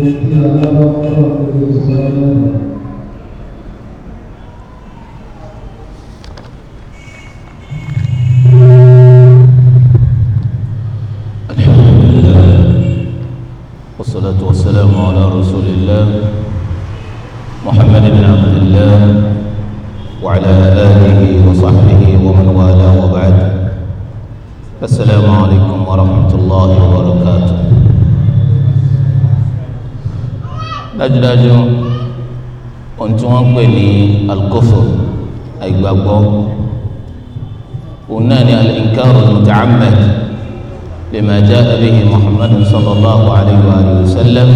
Thank you. dájú ohun tí wọ́n ń pè ní al-kufr àìgbàgbọ́ òun náà ni al-inkar al-muta'ammad lima jaa bihi muhammad sallallahu alayhi wa sallam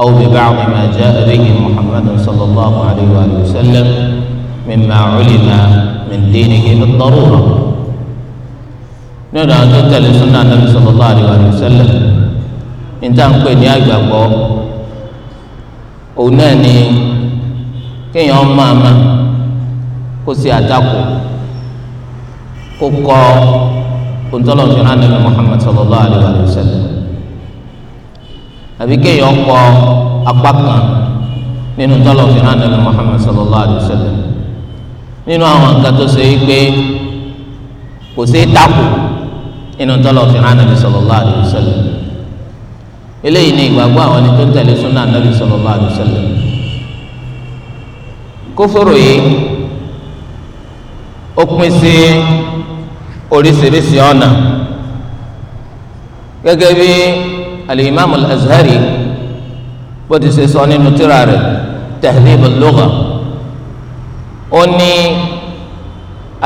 aw bi ba'd ma jaa bihi muhammad sallallahu alayhi wa sallam mimma ulima min dinihi bid-darura nínú àwọn tó tẹ̀lé sunnah nabi sallallahu alayhi wa sallam níta pè ní àgbàgbọ́ òun náà ni kéèyàn máa ma kó ṣe àtakò kó kọ ontọ́lọ̀ fi hàn nàbì Muhammad sallallahu alayhi wa sallam àbí kéèyàn kọ apá kan nínú tọ́lọ̀ fi hàn nàbì Muhammad sallallahu alayhi wa sallam nínú àwọn nǹkan tó ṣe é pé kò ṣe é takò nínú tọ́lọ̀ fi hàn nàbì sallallahu alayhi wa eléyìí ni ìgbàgbọ́ àwọn ẹni tó tẹ̀lé súnà nàbì sallallahu alaihi wasallam kófòrò yìí ó pín sí oríṣiríṣi ọ̀nà gẹ́gẹ́ bí al-Imam al-Azhari bó ti ṣe sọ nínú tírà rẹ̀ Tahdhib al ó ní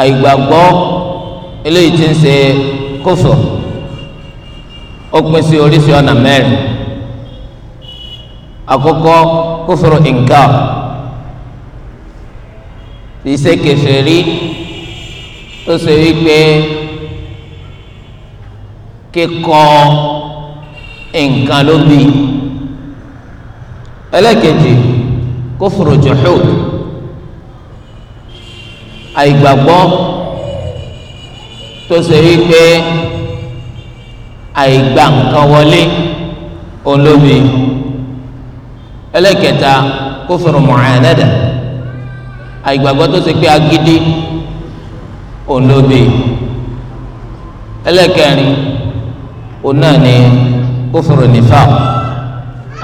àìgbàgbọ́ eléyìí ti ń ṣe kófòrò ó pín sí oríṣi ọ̀nà mẹ́rin àkọ́kọ́ kófòrò inkar ìṣe kèfèrí tó ṣe wípé kíkọ nǹkan ló bí ẹlẹ́kejì kófòrò juhud àìgbàgbọ́ tó ṣe wípé àìgbà nǹkan wọlé olómi ẹlẹ́kẹta kófòrò mọ̀ọ́nẹ́dà àìgbàgbọ́ tó ṣe pé agídí olómi ẹlẹ́kẹrin ọ̀nà ni kófòrò nífà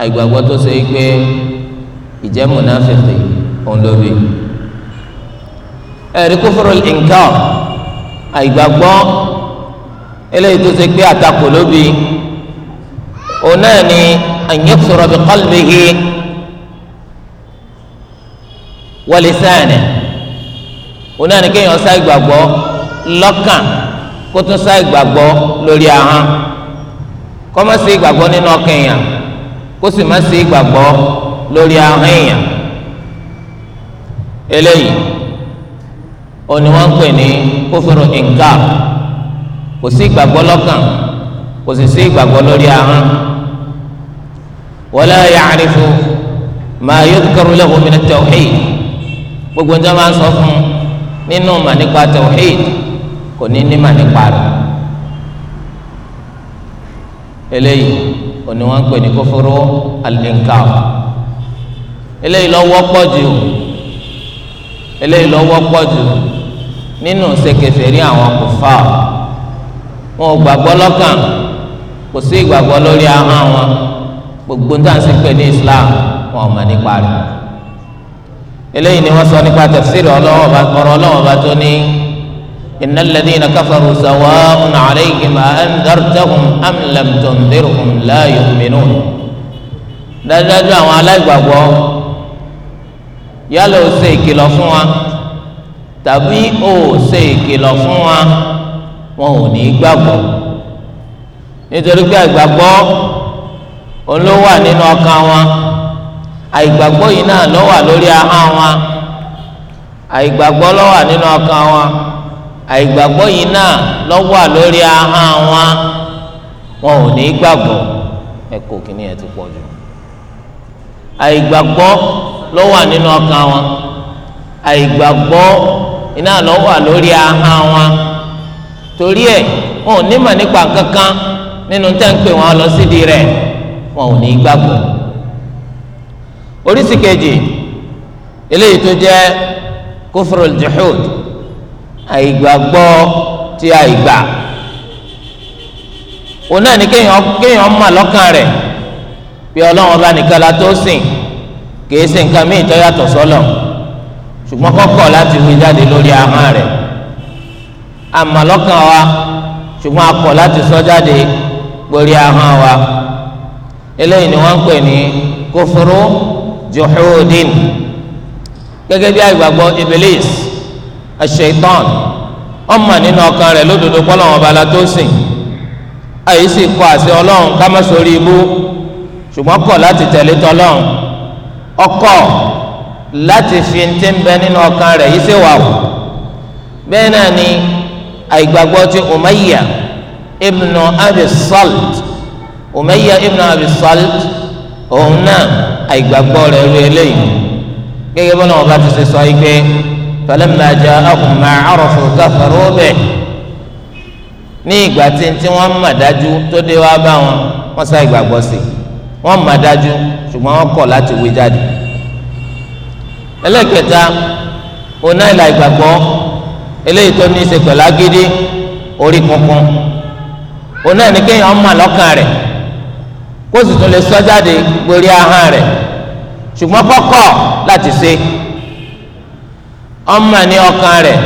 àìgbàgbọ́ tó ṣe pé ìjẹ́múnáfẹ́fẹ́ olómi ẹ̀rí kófòrò ìǹkà àìgbàgbọ́ eléyìí tó ṣe pé àtakò ló bi òun náà ni ànyẹ́sọ̀rọ̀ bí qalbihi wa lisanihi òun náà ni kéèyàn sá ìgbàgbọ́ lọ́kàn kó tún sá ìgbàgbọ́ lórí ahọ́n kó má sí ìgbàgbọ́ nínú ọkàn èèyàn kó sì má sí ìgbàgbọ́ lórí ahọ́n èèyàn eléyìí òun ni wọ́n ń pè ní kófòrò nǹkan kò sí ìgbàgbọ́ lọ́kàn kò sì sí ìgbàgbọ́ lórí ahọ́n wala ya'rifu ma yudhkaru lahu min at-tawhid gbogbo njẹ́ máa ń sọ fún nínú mà nípa tawhid kò ní ní mà nípa rẹ̀ eléyìí òní wọn pè ní kófóró al eléyìí ló wọ́pọ̀ jù eléyìí ló wọ́pọ̀ jù nínú ṣe àwọn kò fáwọn wọn ò gbàgbọ́ lọ́kàn kò sí ìgbàgbọ́ lórí ahọ́n wọn gbogbo nígbà tí pè ní Islam wọn ò mọ̀ nípa rẹ̀ eléyìí ni wọ́n sọ nípa tafsir ọ̀rọ̀ ọlọ́wọ́ bá tó ní innal ladhina kafaru sawa'un 'alayhim a anzartahum am lam tunzirhum la yu'minun dájúdájú àwọn aláìgbàgbọ́ yálà ó ṣe ìkìlọ̀ fún wa tàbí ó ṣe ìkìlọ̀ fún wa. wọn ò ní gbàgbọ́ nítorí pé àgbàgbọ́ n'inu nínú ọkàn wọn àìgbàgbọ́ yìí náà ló wà lórí ahọ́n wọn àìgbàgbọ́ ló wà nínú ọkàn wọn àìgbàgbọ́ yìí náà ló wà lórí ahọ́n wọn wọn ò ní gbàgbọ́ ti pọ̀ jù àìgbàgbọ́ ló wà nínú ọkàn wọn àìgbàgbọ́ ló wà lórí ahọ́n wọn. torí ẹ̀ wọn ò ní mà nípa kankan nínú tẹ́ǹpẹ́ wọn lọ sídìí rẹ̀ wọn ò ní gbàgbọ́ oríṣi kejì eléyìí tó jẹ́ kófòrò jihud àìgbàgbọ́ tí àìgbà òun náà ni kéèyàn kéèyàn mà lọ́kàn rẹ̀ pé ọlọ́run ọba nìkan la tó sìn kìí ṣe nǹkan míì tó yàtọ̀ sọ́lọ̀ ṣùgbọ́n kọ́kọ́ láti wí jáde lórí ahọ́n rẹ̀ àmọ́ lọ́kàn wa ṣùgbọ́n a kọ̀ láti sọ jáde gbórí ahọ́n wa eléyìí ni wọ́n ń pè ní kófóró juhudin gẹ́gẹ́ bí àgbàgbọ́ ibilis aṣeitan ọmọ nínú ọkàn rẹ̀ lódodo pọ́lọ́wọ́n bala tó sìn àyè sì kọ̀ àṣẹ ọlọ́run ká má sórí ibú ṣùgbọ́n kọ̀ láti tẹ̀lé tọlọ́run ọkọ̀ láti fi ti ń bẹ nínú ọkàn rẹ̀ yìí ṣèwà wò bẹ́ẹ̀ náà ni àìgbàgbọ́ ti umayya ibnu abi salt umayya ibnu abi salt òun náà àìgbàgbọ́ rẹ̀ rí eléyìí gẹ́gẹ́ bọ́lá wọn bá ti ṣe sọ yìí pé falamma ja'ahum ma arafu kafaru bih ní ìgbà tí tí wọ́n mà dájú tó dé wá bá wọn wọ́n sá ìgbàgbọ́ sí wọ́n mà dájú ṣùgbọ́n wọ́n kọ̀ láti wí jáde ẹlẹ́kẹta onáìlà ìgbàgbọ́ eléyìí tó ní í ṣe pẹ̀lú agídí orí kunkun òun náà ní kéèyàn mọ̀ lọ́kàn rẹ̀ kó sì tún lè sọ jáde gbórí ahọ́n rẹ̀ ṣùgbọ́n kọ́kọ́ láti ṣe ọmọ ní ọkàn rẹ̀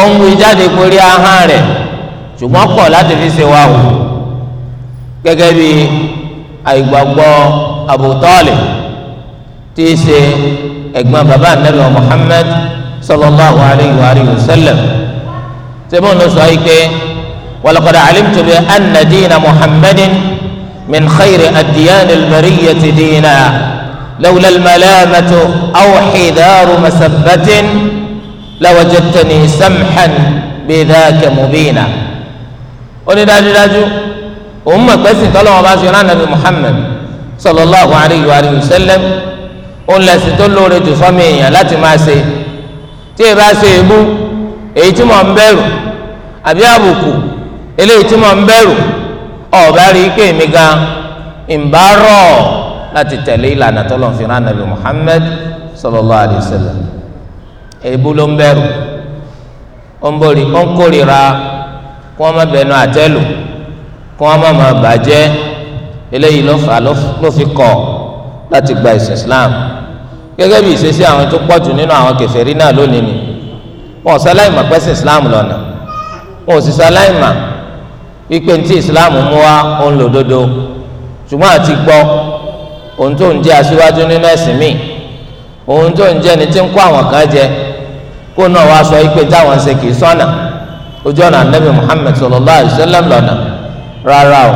ó ń wí jáde gbórí ahọ́n rẹ̀ ṣùgbọ́n kọ̀ láti fi ṣe wá wò gẹ́gẹ́ bí àìgbàgbọ́ Abu Talib tí í ṣe ẹ̀gbọ́n bàbá Ànábì Muhammad sallallahu alayhi wa alihi wa sallam sebo ń lọ sọ ayé pé walaqad alimtu bi anna diina muhammadin min khayri adiyan almariyati diina lawla almalamatu aw xidaaru masabatin lawajadtani samxan bidaaka mubiina ó ní dájúdájú òun mọ̀ pé sìn tọ́lọ́wọ́n bá ṣe rán nàbí muhammad sallallahu alayhi wa sallam òun lẹ̀sìn tó lóore jù fọ́mìyàn láti máa ṣe tí ìbá ṣe èébú èyí tí mò ń bẹ̀rù àbí àbùkù eléyìí tí mò ń bẹ̀rù ọ̀bá rí ike mi gan ìbá rọ̀ láti tẹ̀lé ìlànà tọ́lọ́run fi rán Ànábì Muhammad sallallahu alayhi wa sallam èébú ló ń bẹ̀rù ó ń bọ̀rì ó ń kórìíra kó wọ́n bẹnu àtẹ́lù kó wọ́n má bàjẹ́ eléyìí ló fi kọ̀ láti gba ìsìn Islam gẹ́gẹ́ bí ìṣesí àwọn tó pọ̀jù nínú àwọn kèfèrí náà lónìí ni wọn ò sáláìmà pẹ́sìn islam lọ́nà wọn ò sì sáláìmà wípé ntí islam mú wa òun lòdodo ṣùgbọ́n àti gbọ́ òun tó ń jẹ́ aṣíwájú nínú ẹ̀sìn míì òun tó ń jẹ́ ni tí ń kó àwọn kan jẹ kó náà wá sọ wípé táwọn ń ṣe kì í sọ́nà ojú ọ̀nà anabi muhammed sallallahu alayhi wa sallam lọ́nà rárá o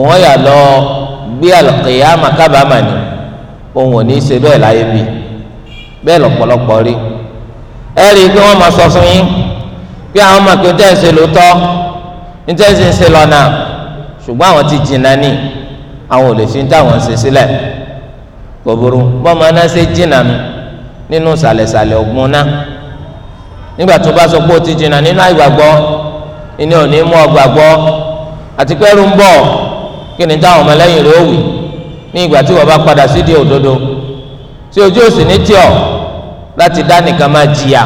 òun yà lọ gbé àlùkìyàmà kábàámà ni. òun ò ní í ṣe bẹ́ẹ̀ láyé bí bẹ́ẹ̀ rí ẹ rí wọ́n máa sọ fún yín pé àwọn ọmọ kí o tẹ́ ṣe lóòótọ́ ní tẹ́ ṣe ń ṣe lọ́nà ṣùgbọ́n àwọn ti jìnnà ní àwọn ò lè fi ń táwọn ṣe sílẹ̀ kò burú náà ṣe jìnnà mi nínú sàlẹ̀sàlẹ̀ náà nígbà tó bá sọ pé ti jìnnà ní ìgbà tí wọ́n bá padà sídìí òdodo tí ojú òsì ní tíọ̀ láti dá nìkan máa jìyà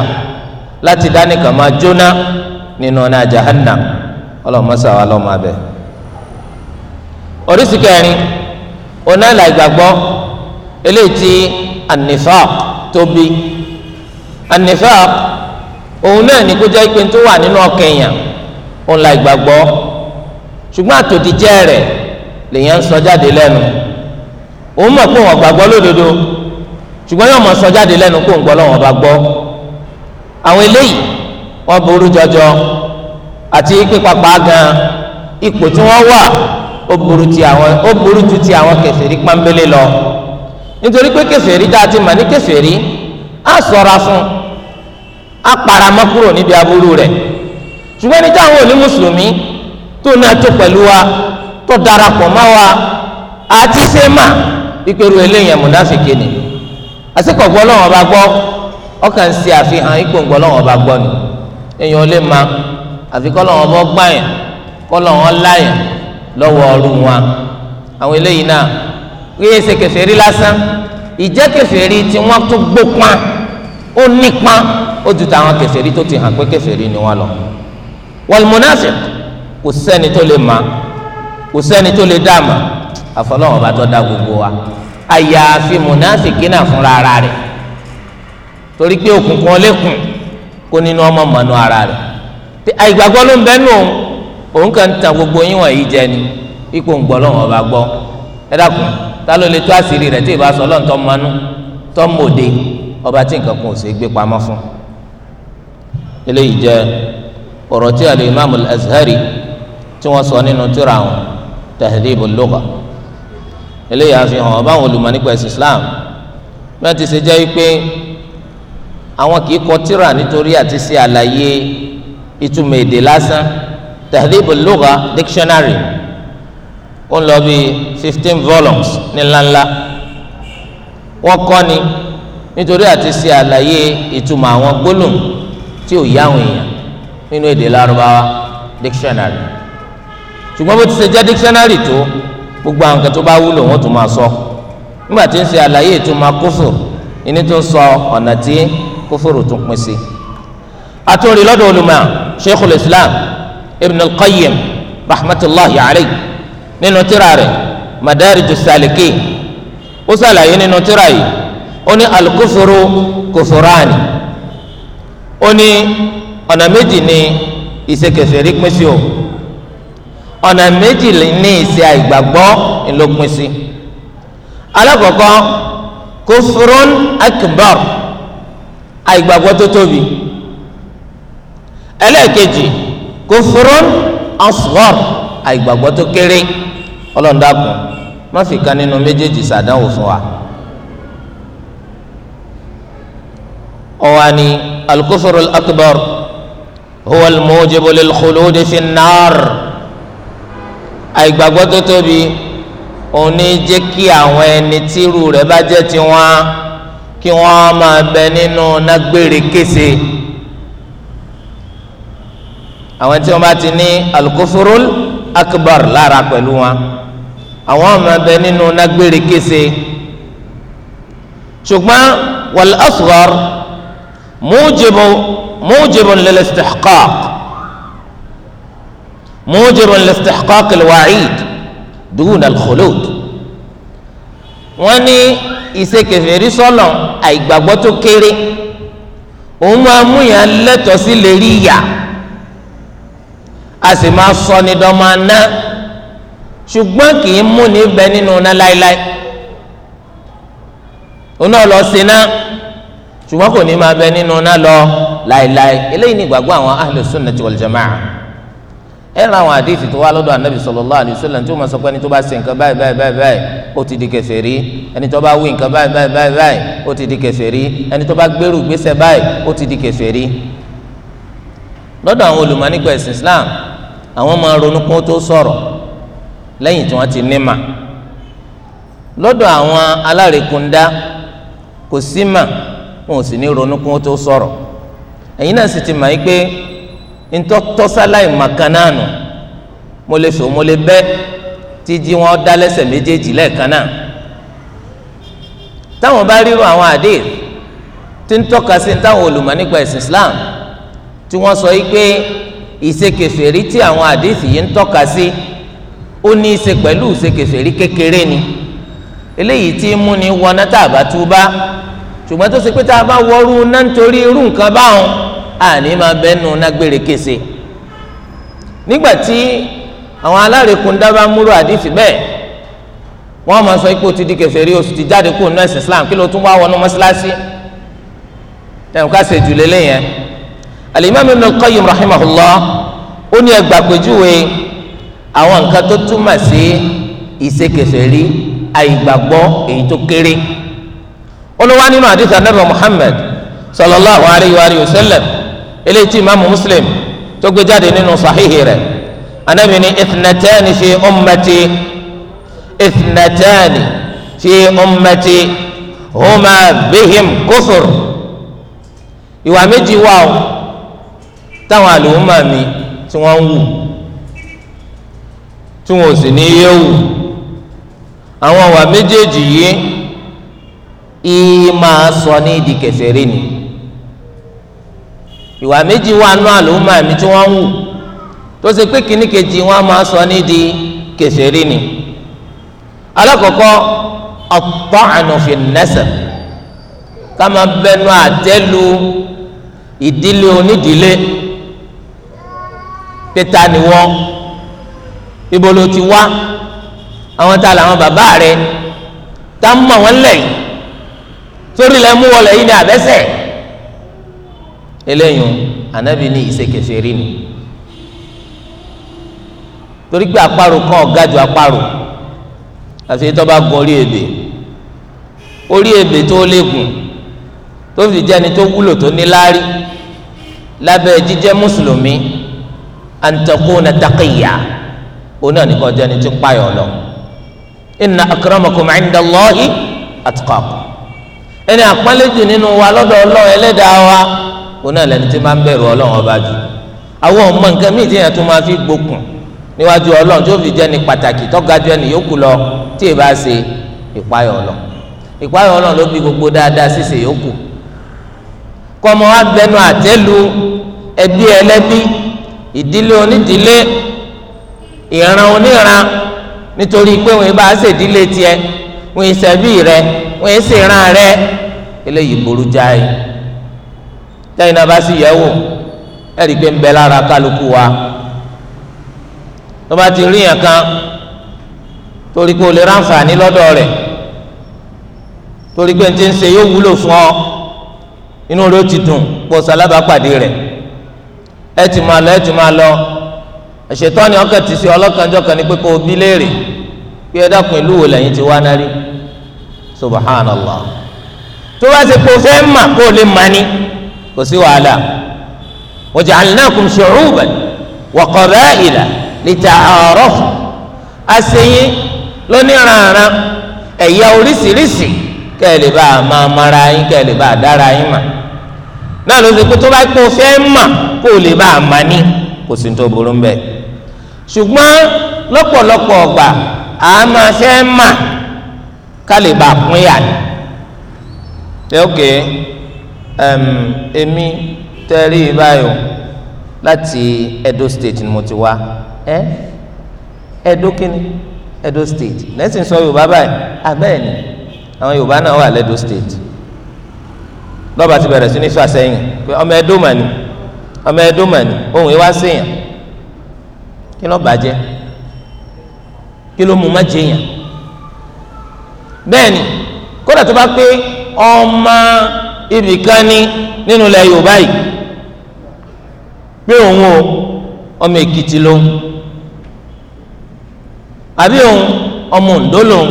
láti dá nìkan máa jóná nínú ọ̀nà jahannam ọlọ́mọṣà wa lọ́mọ abẹ. oríṣi kẹrin ọ̀nà ìlàgbàgbọ́ eléyìí tí an-nifaq tóbi an-nifaq òun náà ní kó jẹ́ pé tó wà nínú ọkàn èèyàn òun la ìgbàgbọ́ ṣùgbọ́n àtòdíjẹ́ rẹ̀ lèèyàn ń sọ jáde lẹ́nu òun mọ̀ pé òun gbàgbọ́ lódodo ṣùgbọ́n yóò mọ̀ sọ jáde lẹ́nu kó ń gbọ́ lọ́wọ́ bá gbọ́ àwọn eléyìí wọ́n burú jọjọ àti pípapá gan ipò tí wọ́n wà ó burú ti àwọn ó burú ju ti àwọn kèfèrí pọ́nbélé lọ nítorí pé kèfèrí tá a ti mọ̀ ní kèfèrí á ṣọ́ra fún á paramọ́ kúrò níbi aburú rẹ̀ ṣùgbọ́n ní táwọn òní mùsùlùmí tó náà tó pẹ̀lú wa tó darapọ̀ mọ́ wa àti sèémà. ikperu eléyàn múnáfìkì ni asịkọ gbọ lọ́wọ́ bá gbọ ọkàn si àfihàn ipò ń gbọ́ bá gbọ́ ni ma àfi kọ lọ́wọ́ bọ́ gbàyàn kọ lọ́wọ́ láyàn lọwọ wa àwọn eléyìí náà wíyé ṣe kèfèrí lásán ìjẹ́ kèfèrí tí ó ó ju tó ti hàn pé ni lọ kò tó lè ma kò tó lè àfọlọ́wọ́n bá tọ́ da gbogbo wa àyàfi mùnáfìkì náà fúnra ara rẹ̀ torí pé òkùnkùn ọlẹ́kùn kó nínú ọmọ mọ̀nú ara rẹ̀ àìgbàgbọ́ ló ń bẹ́ nù òun kàn ń tan gbogbo yín wọ̀nyí jẹ ni ipò ń gbọ́ lọ́wọ́n bá gbọ́ ẹ dákun ta ló lè tó àṣírí rẹ̀ tí ì bá sọ ọlọ́run tó mọ́nú tó mòde ọba tí nǹkan kan ò sì gbé pamọ́ fún. eléyìí jẹ́ ọ̀rọ̀ tí al-Imam azhari tí wọ́n sọ nínú tírà àwọn Tahdhib al-Lugha eléyìí àfihàn ọba àwọn olùmọ̀ nípa ẹ̀sìn Islam bí wọ́n ti ṣe jẹ́ wípé àwọn kì í kọ tírà nítorí àti ṣe àlàyé ìtumọ̀ èdè lásán tahdhibul lugha dictionary ó ń lọ bí fifteen volumes ní ńláńlá wọ́n kọ́ ni nítorí àti ṣe àlàyé ìtumọ̀ àwọn gbólóhùn tí ò yá àwọn èèyàn nínú èdè lárúbáwá dictionary ṣùgbọ́n bó ti ṣe jẹ́ dictionary tó gbogbo àwọn kan tó bá wúlò wọn tún máa sọ nígbà tí ń ṣe àlàyé ìtumọ̀ kófòrò ìní tó ń sọ ọ̀nà tí kófòrò tún pín sí. àtúrì lọ́dọ̀ olùmọ̀ sheikhul islam ibn al-qayyim rahmatulahi alayhi nínú tírà rẹ̀ madariju saliki ó sàlàyé nínú tírà yìí ó ní alukófòrò kófòránì ó ní ọ̀nà méjì ní ìṣekèfèrí pín sí o ọ̀nà méjì ní ìṣe àìgbàgbọ́ ńlọpin sí alákọ̀ọ́kọ́ kufrun akbar àìgbàgbọ́ tó tóbi ẹlẹ́ẹ̀kejì kufrun asghar àìgbàgbọ́ tó kéré ọlọ́ndàkùn má fi kan nínú méjèèjì ṣàdánwò fún wa. ọ̀wání al-kufru al-akbar huwa al-mujibu àìgbàgbọ́ tó tóbi òun ní jẹ́ kí àwọn ẹni tírú rẹ̀ bá jẹ́ tiwọn kí wọ́n máa bẹ nínú nágbèrè kése àwọn tí wọ́n bá ti ní alukóforol akbar lára pẹ̀lú wọn àwọn máa bẹ nínú nágbèrè kése ṣùgbọ́n wal asghar mujibu mujibu lil istihqaq. موجب لاستحقاق الوعيد دون الخلود wọ́n ní ìṣekèfèrí sọ́lọ̀ àìgbàgbọ́ tó kéré òun máa mú yàn lẹ́tọ̀ọ́ sí lérí ìyà a sì máa sọ ní dọ́mọ aná ṣùgbọ́n kì í mú ní bẹ nínú iná láéláé òun náà lọ sí iná ṣùgbọ́n kò ní máa bẹ nínú iná lọ láéláé eléyìí ní ìgbàgbọ́ àwọn ahlus sunnati wal jama'a ẹ ra àwọn àdéhìí tó wá lọ́dọ̀ anabi sallallahu alaihi wasallam tí ó máa sọ pé ẹni tó bá ṣe nǹkan báyìí báyìí báyìí báyìí ó ti di kèfèrí ẹni tó bá wí nǹkan báyìí báyìí báyìí báyìí ó ti di kèfèrí ẹni tó bá gbèrú gbèsè báyìí ó ti di kèfèrí. lọ́dọ̀ àwọn olùmọ̀ ẹ̀sìn Islam àwọn máa ronú kó tó sọ̀rọ̀ lẹ́yìn tí wọ́n ti ní mà lọ́dọ̀ àwọn alárekunda kò sí mà wọn ò sì ní ronú kó tó sọ̀rọ̀ ntọ́ tọ́sálàì màkànnáànù mo lè sọ mo lè bẹ́ títí wọn dá lẹ́sẹ̀ méjèèjì lẹ́ẹ̀kan náà táwọn bá ríru àwọn àdé tí ń tọ́ka táwọn olùmọ̀ ẹ̀sìn Islam tí wọ́n sọ yìí pé ìṣekèfèrí tí àwọn àdéhìí yìí ń tọ́ka sí ó ní í ṣe pẹ̀lú ìṣekèfèrí kékeré ni eléyìí tí ń múni wọná tá a bá túbá ṣùgbọ́n tó ṣe pé tá a bá wọrú náà nítorí irú nǹkan báwọn àní máa bẹ́nu nágbèrè kése nígbà tí àwọn alárekunda bá múrò àdìsí bẹ́ẹ̀ wọ́n máa sọ ipò ti di kèfèrí oṣù ti jáde kúrò nínú ẹ̀sìn Islam kí ló tún wá wọnú mọ́ṣáláṣí tẹ̀wọ́n ká ṣe jù lélẹ̀ yẹn Ibn qayyim rahimahullah ó ní ẹgbàá pèjúwe àwọn nǹkan tó túmọ̀ sí ìṣe kèfèrí àìgbàgbọ́ èyí tó kéré olùwà nínú àdìsí anábì Muhammad sallallahu alayhi wa sallam eléyìí tí imaamu muslim tó gbé jáde nínú sahihi rẹ̀ anabi ni ithnatani fi ummati ithnatani fi ummati huma bihim kufur ìwà méjì wà o táwọn àlùmọ́ mi tí wọ́n ń wù tí wọn sì ní yé wù àwọn ìwà méjèèjì yìí ìyí sọ ní ìdí kèfèrí ni ìwà méjì wà nù àlùmọ́ àmì tí wọ́n ń wù tó ṣe pé kìíní kejì wọn máa sọ ní di kèfèrí ni alákọ̀ọ́kọ́ at-ta'nu fi an-nasab ká máa bẹnu àtẹ́lu ìdílé onídìílé pété ni wọ́n ibo ló ti wá àwọn tá a làwọn bàbá rẹ̀ tá a mọ̀ wọ́n lẹ̀ yìí sórí lẹ́mú wọlé yìí ni àbẹ́sẹ̀. eléyìí anabi ní ìsekèsè rí ni torí pé àparò kan ọ̀gá ju àparò àfi tó gun orí ebè orí ebè tó léegun tó fi jẹ́ni tó wúlò tó níláárí lábẹ́ jíjẹ́ mùsùlùmí antakuna taqiya òun náà nìkan jẹ́ni tó payọ̀ lọ inna akramakum inda Allahi atqakum ẹni àpọ́nlẹ́jù nínú wa lọ́dọ̀ ẹlẹ́dàá wa. òun náà lẹni tí máa ń bẹ̀rù ọlọ́run ọba jù àwọn ọmọ nǹkan míì tí yẹn tún máa fi gbókùn níwájú ọlọ́run tí ó fi jẹ́ ni pàtàkì tọ́ga jù ẹni yòókù lọ tí ì bá ṣe ìpayọ̀ ọlọ́run ìpayọ̀ ọlọ́run ló bí gbogbo dáadáa ṣíṣe yòókù kọ́mọ abẹnú àtẹ́lu ẹbí ẹlẹ́bí ìdílé onídìílé ìran oníran nítorí pé wọn bá ṣèdílé tiẹ̀ wọn ìṣẹ́bí rẹ wọn ìṣèrán rẹ eléyìí burú jáì tẹ́yìn náà bá sì yẹ̀ wò ẹ̀ rí i pé ń wa tó bá ti rí yẹn kan torí pé o lè ráǹfààní lọ́dọ̀ rẹ̀ torí pé n ti ń ṣe yóò wúlò fún ọ inú rẹ ó ti dùn pọ̀ sálábàápàdé rẹ̀ ẹ ti máa lọ ẹ ti máa lọ ni ti ṣe ọlọ́kanjọ́kan ni ti wá náà rí tó bá ṣe o fẹ́ mà kó kò sí wàhálà wa ja'alnakum shu'uban wa qaba'ila lita'arafu àṣeyín lóníranran ẹ̀yà oríṣiríṣi kẹ́ẹ̀lì bá a máa mara yín kẹ́ẹ̀lì bá a dára yín mà náà ló ti kó tó bá kó fẹ́ mà kó lè bá a mà ní kò sí tó burú mbẹ ṣùgbọ́n lọ́pọ̀lọpọ̀ ọgbà a máa fẹ́ mà ká lè bá a pín èmi tẹ́rí báyìí o láti Edo State ni mo ti wá ẹ Edo kíni Edo State lẹ́sìn sọ Yorùbá báyìí abẹ́ẹ̀ ni àwọn Yorùbá náà wà lẹ́dọ̀ State lọ́ba ti bẹ̀rẹ̀ sí ní sọ àsẹ́yìn pé ọmọ Edo mà ni ọmọ Edo mà ni ohun ìwá sèyàn kí ló bàjẹ́ kí ló mú má jẹyàn bẹ́ẹ̀ ni kódà tó bá pé ọmọ ibìkan ní nínú ilẹ̀ yorùbá yìí pé òun o ọmọ èkìtì lòun àbí òun ọmọ oǹdó lòun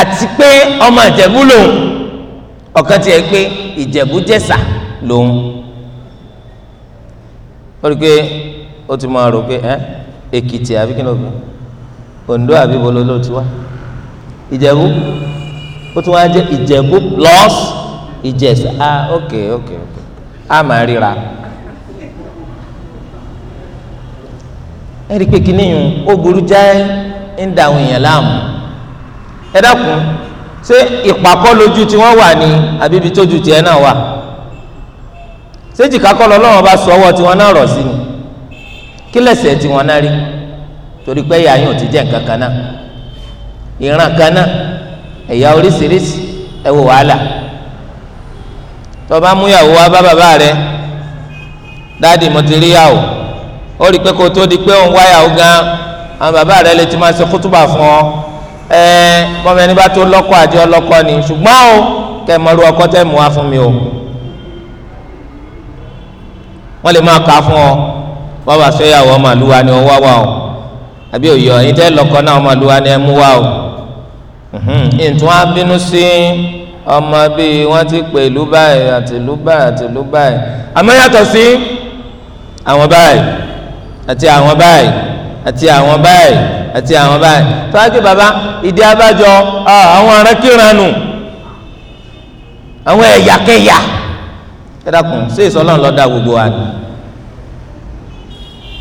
àti pé ọmọ ìjẹ̀bú lòun ọ̀kan tiẹ̀ pé ìjẹ̀bú jẹ̀ṣà lòun ó rí pé ó ti máa rò pé ẹ́ èkìtì àbí kí ló fi àbí bolo ló ti wá ìjẹ̀bú. ó tún wáá jẹ́ plus ah ok ok ok a máa ríra ẹ̀rí pé kìnìún ó burú jáì ń da àwọn èèyàn láàmú ẹ dákun ṣé ìpàkọ́ lójú tí wọ́n wà ní àbíbi tójú tiẹ̀ náà wà ṣé jìkákọ́ lọ́wọ́ bá sọ ọwọ́ tiwọn náà rọ̀ sí ni kí náà rí ti jẹ́ nǹkan kan náà ẹ̀yà oríṣiríṣi ẹ wò wàhálà tọba múyàwó wa bá bàbá rẹ dáàdì mo ti rí yàwó ó rí i pé kó tó di pé òun wáyàwó gan àwọn bàbá rẹ lè ti máa ṣe kútùbà fún ọ ẹ mọ́mọ́ ẹni bá tó lọ́kọ àti ọlọ́kọ ni ṣùgbọ́n o kẹ́ ẹ mọ̀rú ọkọ tẹ́ mú wá fún mi o wọ́n lè máa kà á fún ọ bàbá fẹ́ yàwó ọmọ àlùwà ni ọ wá wá o àbí òye ọ̀yin tẹ́ lọ́kọ náà ọmọ àlùwà ni ẹ mú wá o ntun á bínú sí ọmọ bíi wọ́n ti pè ìlú báyìí àti ìlú báyìí àti ìlú báyìí àmọ́ yàtọ̀ sí àwọn báyìí àti àwọn báyìí àti àwọn báyìí àti àwọn báyìí tó wá kí baba ìdí abájọ àwọn arákìranù àwọn ẹ̀yà kẹyà kẹdàkùn sí ìsọlọ́n lọ́dà gbogbo wa ni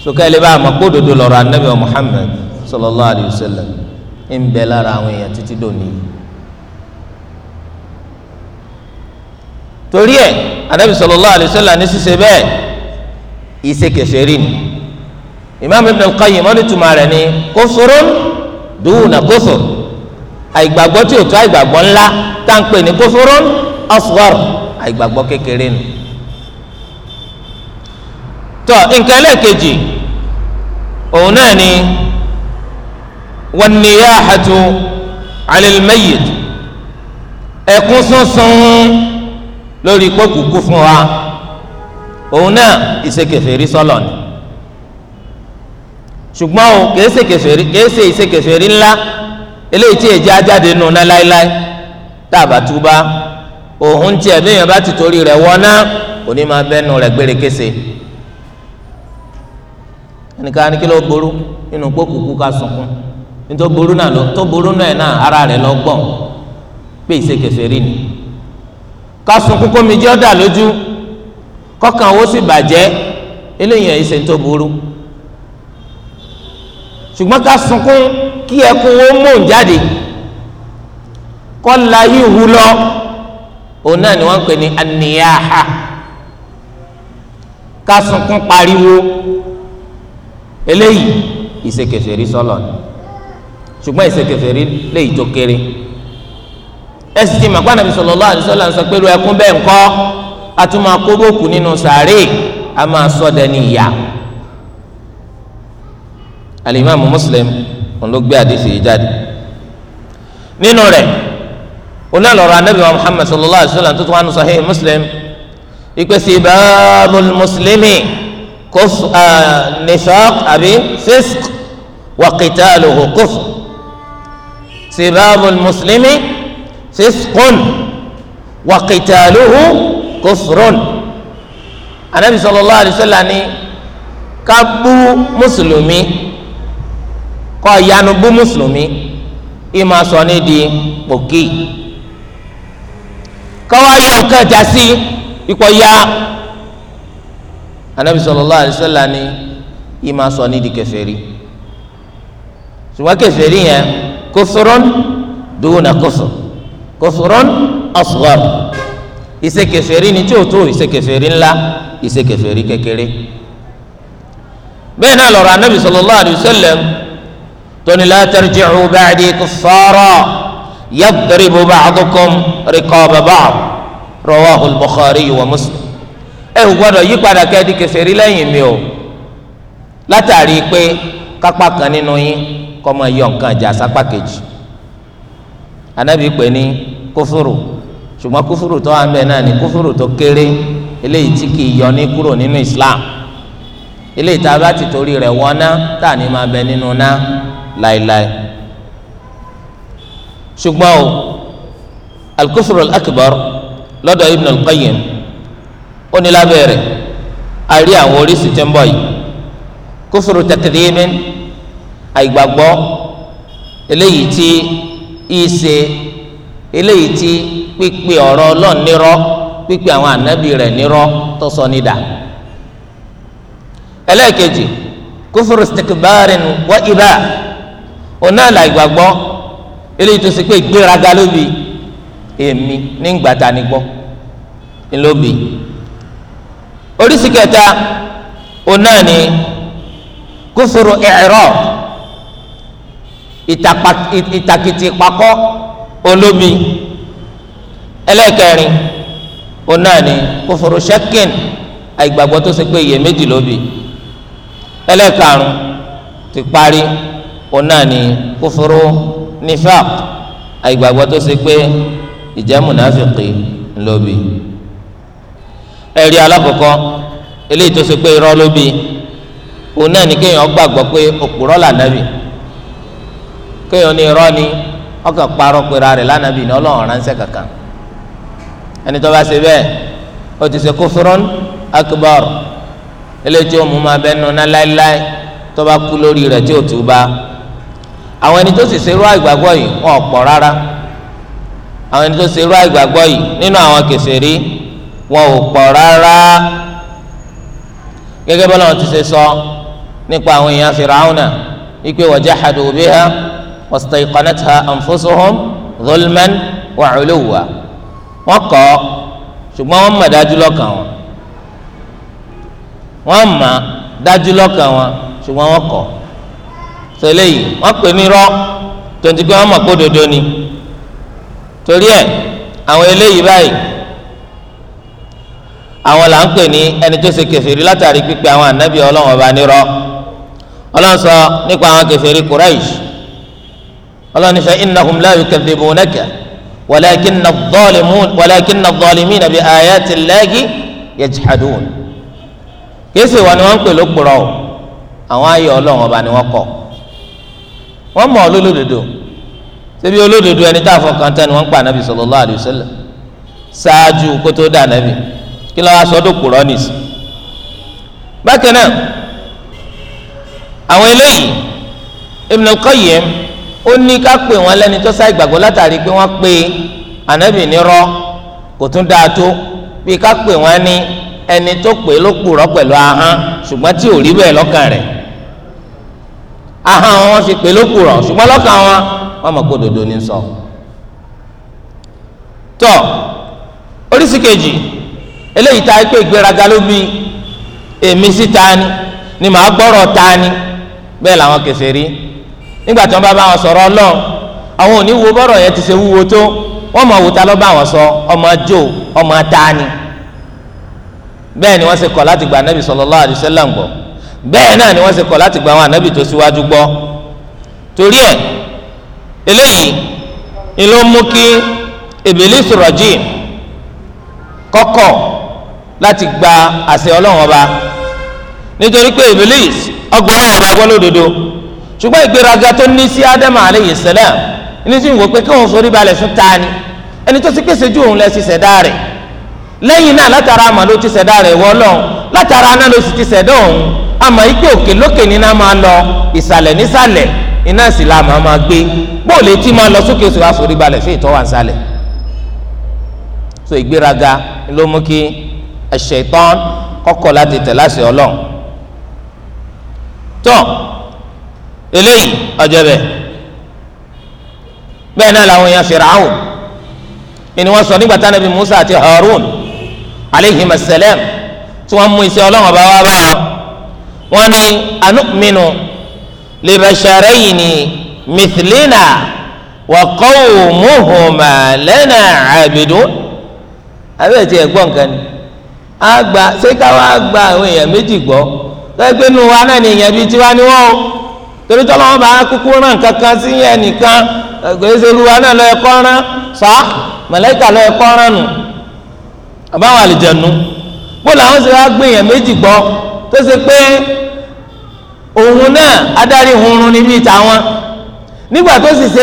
sọkẹ́ ẹ lè bá àmọ́ kó dodo lọ́rọ̀ anabi Muhammad sallallahu alayhi ń bẹ lára àwọn èèyàn títí dòní. torí ẹ anabi sallallahu alaihi wasallam ní ṣíṣe bẹ́ẹ̀ ìṣe kẹsẹrin imam ibn al-qayyim wọn ní tuma rẹ̀ ní kófòrón dùnà kófòr àìgbàgbọ́ tí o tó àìgbàgbọ́ ńlá tá à ń pè ní kófòrón asghar àìgbàgbọ́ kékeré nù. tọ nǹkan ẹlẹ́ẹ̀kejì òun náà ni wanniyahatu alil mayyit ẹkún sánsan lórí kókùkù fún wa òun náà ìṣekèfèrí sọlọ ni ṣùgbọ́n o kìí ṣe kèfèrí kìí ṣe ìṣekèfèrí ńlá eléyìí tí èjì ajáde nù ná láéláé tá a bá túbá òun tiẹ̀ bí èèyàn bá ti torí rẹ̀ wọ́ná òní máa bẹ́nu rẹ̀ gbére kése ẹnìkan ní kí ló ború nínú kókùkù ká sunkún nítorí burú náà lọ tó burú náà náà ara rẹ̀ lọ gbọ̀n pé ìṣèkèsè rí ni kásùn kókó mi jẹ́ ọ̀dà lójú kọ́kàn owó sì bàjẹ́ eléyìí ẹ̀ ṣe ń tó burú ṣùgbọ́n ká sunkún kí ẹkún wo mò ń jáde kọ́la yíhu lọ òun náà ni wọ́n ń pè ní aniyaha ká sunkún pariwo eléyìí ìṣèkèsè rí sọ́lọ̀ ṣùgbọ́n ẹ̀ṣẹ̀ kèfèrí léyìí tó kéré ẹ̀sìn tí màgbà nàbí sallallahu alaihi wasallam sọ pé ẹkún bẹ́ẹ̀ ńkọ́ àtúmọ̀ akórókù nínú sàárè a máa sọ dẹni ìyá alimami Muslim òun ló yìí jáde nínú rẹ̀ oní àlọ́rọ̀ anabi wa Muhammad sallallahu alaihi wasallam tó tún wà nù Muslim ìpè sí muslimi kófù ah, nifaq àbí fisq wa qitaluhu kófù. سباب muslimi siskun وقتاله qitaluhu النبي صلى الله عليه وسلم sallam ni ká bú mùsùlùmí kọ́ ìyanu bú mùsùlùmí ìmọ̀ sọ ní di pòkì káwá yọ nǹkan jà sí ipò ya anabi sallallahu alayhi wa sallam ni di kèfèrí ṣùgbọ́n kèfèrí yẹn kófòrán dùnà kófò kófòrán asghar ìṣekèfèrí ni tí o tó ìṣekèfèrí ńlá ìṣekèfèrí kékeré bẹ́ẹ̀ náà lọ́rọ̀ anábì sallallahu alayhi wa sallam tóní la tarji'u ba'di kuffara yadribu ba'dukum riqaba ba'd rawahu al-bukhari wa muslim ẹ ò gbọ́dọ̀ yí padà kẹ́ẹ́dì kèfèrí lẹ́yìn mi o látàrí pé kápá nínú yín kọ́ máa yọ nǹkan ìjà sápá kejì anabi pè ní kófòrò ṣùgbọ́n kófòrò tó wà ń bẹ náà ni kófòrò tó kéré eléyìí tí kì í yọ ní kúrò nínú islam eléyìí tá a bá ti torí rẹ̀ wọ́n ná tá a ní máa bẹ nínú ná láéláé ṣùgbọ́n o al-kufr lọ́dọ̀ ibn al-qayyim ó ní lábẹ́rẹ̀ a rí àwọn oríṣi tí ń bọ̀ yìí kufru takdhibin àìgbàgbọ́ eléyìí tí ìṣe eléyìí tí pípé ọ̀rọ̀ Ọlọ́run nírọ́ pípé àwọn ànábì rẹ̀ nírọ́ tó sọ nídà ẹlẹ́ẹ̀kejì kufuru istikbarin wa ibà ọ̀nà àìgbàgbọ́ eléyìí tó ṣe pé ìgbéraga ló bi èmi nígbà tá a ní gbọ́ ló bi oríṣi kẹta ni kufuru i'rad ìtàkìtì ìpakọ́ olómi ẹlẹ́kẹrin òun náà ni kòfòrò ṣẹ́kìn àìgbàgbọ́ tó ṣe pé iyèméjì ló bí ẹlẹ́karùn ti parí òun náà ni kófóró nífàq àìgbàgbọ́ tó ṣe pé ìjẹ́ múnáfìkì ló bí ẹ̀rí alákọ̀ọ́kọ́ eléyìí tó ṣe pé irọ́ ló bí òun náà ni kéèyàn gbàgbọ́ pé òpùrọ́ là nábì kéèyàn ní irọ́ ni ọkàn parọ́ pera rẹ̀ lánàbì ní ọlọ́run ránṣẹ́ kankan ẹni tó bá ṣe bẹ́ẹ̀ ó ti ṣe kufrun akbar eléyìí tí ó mú máa bẹ́ẹ̀ nuná láéláé tó bá kú lórí rẹ̀ tí ò tú bá àwọn ẹni tó sì ṣe irú àìgbàgbọ́ yìí wọn ò pọ̀ rárá àwọn ẹni tó ṣe irú àìgbàgbọ́ yìí nínú àwọn kèsèrí wọn ò pọ̀ rárá gẹ́gẹ́ bọ́lá wọn ti ṣe sọ nípa àwọn èèyàn Fir'auna ìpè wajahadu biha wastaiqanatha anfusuhum dhulman wa uluwa wọ́n kọ̀ ṣùgbọ́n wọ́n mọ̀ dájú lọ́kàn wọn wọ́n mọ̀ dájú lọ́kàn wọn ṣùgbọ́n wọ́n kọ̀ tẹ́lẹ̀ yìí wọ́n pè ní rọ́ tonti pé wọ́n mọ̀ kó dodo ni torí ẹ̀ àwọn eléyìí báyìí àwọn là ń pè ní ẹni tó ṣe kèfèrí látàrí pípè àwọn ànábì Ọlọ́run ọba nírọ́ Ọlọ́run nípa àwọn kèfèrí Quraish ọlọ́ni fa innahum la yukadhibunaka walakinna adh-dhalimina bi ayati Allahi yajhadun kéésì wọn ni wọ́n ń pè lókùrọ̀ o àwọn ayé ọlọ́run ọba ni wọ́n kọ̀ wọ́n mọ̀ olódodo ṣebí olódodo ẹni tá a fọkàn tán ni wọ́n ń pa ànábì sallallahu alayhi ṣáájú kó tó dá ànábì kí ló wá sọ nìsí. bákan náà àwọn eléyìí Ibn al-Qayyim ó ní ká pè wọ́n lẹ́ni tó sá ìgbàgbọ́ látàrí pé wọ́n pe ànábì nírọ́ kò tún dáa tó bí ká pè wọ́n ní ẹni tó pè ló purọ́ pẹ̀lú ahọ́n ṣùgbọ́n tí ò rí bẹ́ẹ̀ lọ́kàn rẹ̀ ahọ́n wọn fi pè ló purọ́ ṣùgbọ́n lọ́kàn wọn wọn mọ̀ pé dòdò ní sọ. tọ́ oríṣi kejì eléyìí tá a ìgbéraga ló bí èmi sí ta ni ni màá gbọ́rọ̀ ta ni bẹ́ẹ̀ làwọn kẹsẹ̀ rí nígbà tí wọ́n bá bá wọn sọ̀rọ̀ Ọlọ́run àwọn òní wo bọ́rọ̀ yẹn ti ṣe wúwo tó wọ́n mọ̀ wò ta ló bá wọn sọ ọmọ jò ọmọ tani bẹ́ẹ̀ ni wọ́n ṣe kọ̀ láti gba anabi sallallahu alaihi wasallam gbọ́ bẹ́ẹ̀ náà ni wọ́n ṣe kọ̀ láti gba àwọn anabi tó síwájú gbọ́ torí ẹ̀ eléyìí ni ló mú kí Ìbílísì rajim kọ́kọ́ láti gba àṣẹ Ọlọ́run ọba nítorí pé Ìbílísì ọgbà Ọlọ́run ọba gbọ́ lódodo ṣùgbọ́n ìgbéraga tó ní sí ádámù aleyhi salam ní sí ìwò pé kí òun forí balẹ̀ fún tani ẹni tó ti pèsè ju òun lẹ sí ṣẹ̀dá rẹ̀ lẹ́yìn náà látara àmà ló ti ṣẹ̀dá rẹ̀ wọ́ lọ́hùn látara náà ló sì ti ṣẹ̀dá òun àmà ike òkè lókè ní náà máa lọ ìsàlẹ̀ nísàlẹ̀ iná sì la màá máa gbé bóòlù etí máa lọ sókè sókè àforí balẹ̀ fún ìtọ́wà nsàlẹ̀ so ìgbéraga ló mú kí ẹ̀ṣẹ̀ ìtọ́n kọ́kọ́ láti tẹ̀ láṣẹ ọlọ́run tó. So, eléyìí ọjọ́ bẹ́ẹ̀ bẹ́ẹ̀ náà làwọn èèyàn Fir'aun ni wọ́n sọ nígbà tánabi Musa àti Harun aleyhim asalaam tí wọ́n mú iṣẹ́ ọlọ́run ọba wa bá wọn wọ́n ní anu'minu libasharayni mithlina wa qawmuhuma lana abidun abẹ́ẹ̀ tí ẹ̀ nǹkan ni a ṣé káwa gba àwọn èèyàn méjì gbọ́ tẹ́gbẹ́nu wa náà ni èèyàn bíi tiwa ni wọ́n o. torí tọ́lọ́wọ́n bá kúkú rán kankan sí ẹnìkan wa náà lọ ẹ̀kọ́ rán sá màláíkà lọ ẹ̀kọ́ rán nù àbáwọn àlìjẹnu bó làwọn sì wá gbé èèyàn méjì gbọ́ tó ṣe pé òun náà adarí hunrun ni tàwọn nígbà tó sì ṣe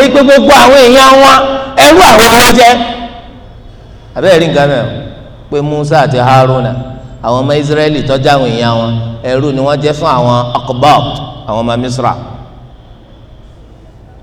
àwọn èèyàn wọn ẹrú àwọn jẹ abẹ́rẹ́ nǹkan pé Musa àti Haruna àwọn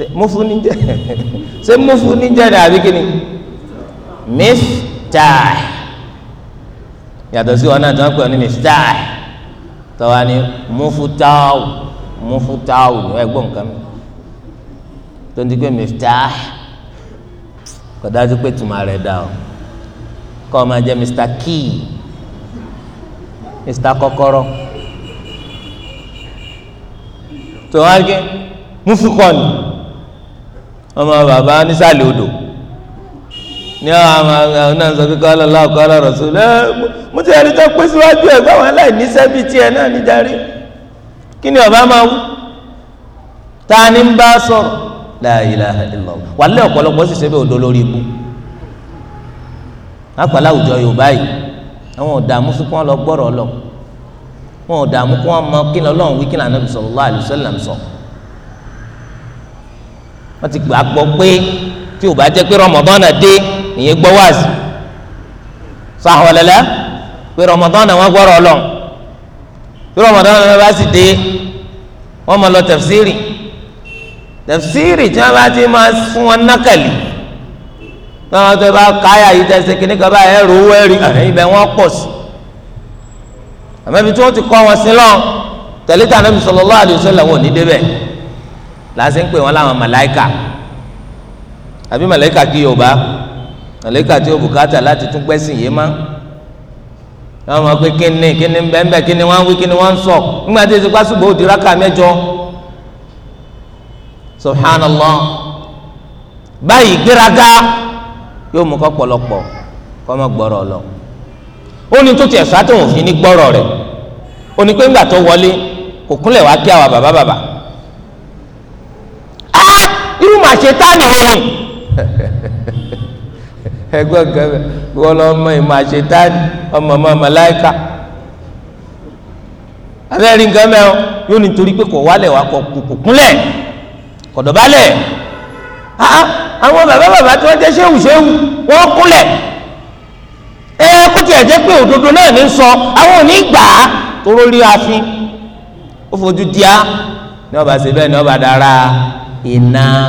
ṣe mufu ní jẹ́ ṣe mufu ní jẹ́ dàbí kíni miftah yàtọ̀ sí wọn náà tí wọ́n pè ní miftah tọ́wá ní mufutawu mufutawu ẹ gbọ́ nǹkan mi tó ń di pé miftah kò dájú pé tùmọ̀ rẹ̀ dà o kọ́ ọ máa jẹ́ mr key mr kọ́kọ́rọ́ tọ́wá gẹ́ mufukọ́ni ọmọ bàbá nísàlẹ̀ odò ní àwọn àwọn àwọn sọ pé kọ́ lọ́la ọ̀kọ́ lọ́rọ̀ sọ lẹ́ mo ti ẹni tó pé síwájú ẹ̀ gbọ́ wọn láì níṣẹ́ bíi tiẹ̀ náà níjàre kí ni ọba máa wú ta ni ń bá sọ̀rọ̀ la ilaha illallah wàlẹ́ ọ̀pọ̀lọpọ̀ sì ṣe bẹ́ẹ̀ odò lórí ikú àpàlà àwùjọ yorùbá yìí àwọn ọ̀dààmú sí kí wọ́n lọ gbọ́rọ̀ lọ wọn ọ̀dààmú kí wọ́n mọ kí lọ́lọ́run wí kí lànà wọ́n ti gbàgbọ́ pé tí ò bá jẹ́ pé rọmọdọ́nà dé ìyẹn gbọ́ wáàsí sàhọ́lẹ́lẹ́ pé rọmọdọ́nà wọn gbọ́rọ̀ lọ tí rọmọdọ́nà wọn bá sì dé wọ́n máa lọ tẹ̀fsíìrì tẹ̀fsíìrì tí wọ́n bá ti máa fún wọn nákàlì náà tó bá káyà yìí tẹ̀sí kìnnì kan bá ẹrù owó ẹ̀rí ibẹ̀ wọ́n pọ̀ sí àmọ́ ibi tí wọ́n ti kọ́ wọn sí lọ tẹ̀lé tàbí sallallahu alaihi wasallam ò ní débẹ̀. làásì ń pè wọn láwọn màláìkà àbí màláìkà kí yorùbá màláìkà tí ó bùkátà láti tún gbẹ́sìn yé má wọn mọ pé kíni kíni bẹ́ẹ̀ kíni wọ́n wí kíni wọ́n sọ nígbà tí ìsìnkú àsùgbò ó di mẹ́jọ subhanallah báyìí gbéraga yóò mú kọ́ pọ̀lọpọ̀ kọ́ mọ́ gbọ́rọ̀ lọ ó ní tó tiẹ̀ òfin ní gbọ́rọ̀ rẹ̀ ó ní pé ńgbà tó irú màṣetáni wo ni ẹgbẹ́ gẹ́gẹ́ wọ́n lọ mọ ìmọ̀ àṣetáni ọmọ ọmọ màláíkà abẹ́rẹ́ nǹkan mẹ́wọ́ yóò nítorí pé kò wálẹ̀ wá kò kúnlẹ̀ kò dọ̀bálẹ̀ àwọn bàbá bàbá tí wọ́n jẹ́ ṣéwù ṣéwù wọ́n kúnlẹ̀ ẹ kó tiẹ̀ jẹ́ pé òdodo náà ní sọ àwọn ò ní gbà á toró rí àfin ó fojú di á ní ọba ṣe bẹ́ẹ̀ ní ọba dára. iná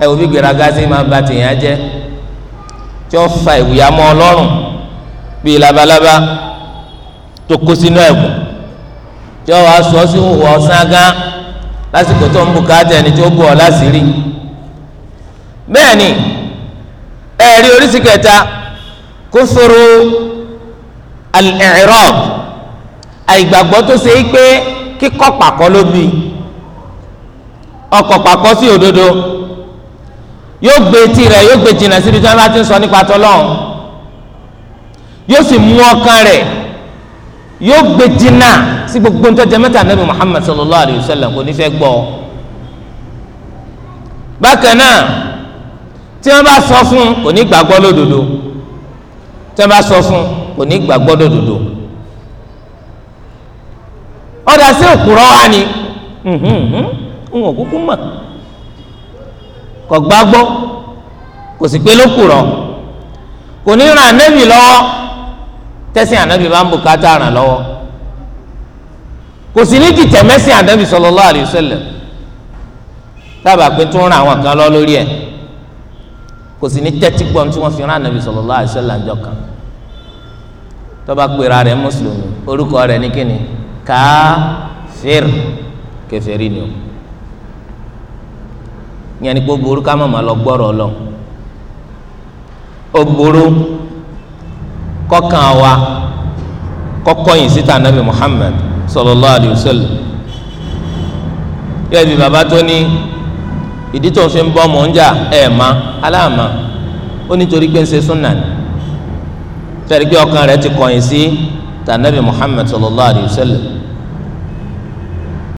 ẹ wò bí gbéraga sí máa ba tèèyàn jẹ tí ó fa ìwúyà mọ́ bíi labalábá tó kó sínú ẹ̀kùn tí ó wàá sọ sí òwò ọ̀sán gán lásìkò tó ń bùkátà ẹni tí ó bù ọ́ láṣìírí bẹ́ẹ̀ ni ẹ̀rí oríṣi kẹta kufuru al àìgbàgbọ́ tó ṣe é pé kíkọ́ pàkọ́ ló bí i. ọkọ̀ pàkọ́ sí òdodo yóò gbé etí rẹ̀ yóò gbé jìnnà síbi tí wọ́n bá ti ń sọ nípa tọ́lọ́hún yóò sì mú ọkàn rẹ̀ yóò gbé jìnnà sí gbogbo nítorí jẹ́mẹ́ta nàbì Muhammad sallallahu alayhi wa sallam kò ní fẹ́ gbọ́ bákan náà tí wọ́n bá sọ fún kò ní gbàgbọ́ lódodo tí wọ́n bá sọ fún kò ní gbàgbọ́ lódodo ọ̀dà sí òkúrọ̀ wa ni. Mm-hmm ń wọ̀ kúkú mọ̀ kò gbàgbọ́ kò sì pé ló kù rọ kò ní ran ànábì lọ́wọ́ tẹ́sìn ànábì bá ń bùkátà ràn lọ́wọ́ kò sì ní dìtẹ̀ mẹ́sìn ànábì sallallahu alaihi wasallam dábàá pé tó ń ran àwọn kan lọ lórí ẹ̀ kò sì ní tẹ́tí gbọ́n tí wọ́n fi ran ànábì sallallahu alaihi wasallam jọ kan tọ́ba pera rẹ̀ mùsùlùmí orúkọ rẹ̀ ní kíni káfíìr kèfèrí ni o ìyẹn ni pé ó burú ká má má lọ gbọ́rọ̀ lọ ó burú kọ́kàn wa kọ́kọ́yìn síta nabi Muhammad sallallahu alayhi wa sallam yẹ́n bí baba tó ní ìdí tó ń fi ń bọ́ mọ̀ ń jà ẹ̀ má aláàmà ó nítorí pé ń ṣe súnà ni fẹ́ẹ́ rí pé ọkàn rẹ̀ ti kọ̀yìn sí tànàbì Muhammad sallallahu alayhi wa sallam.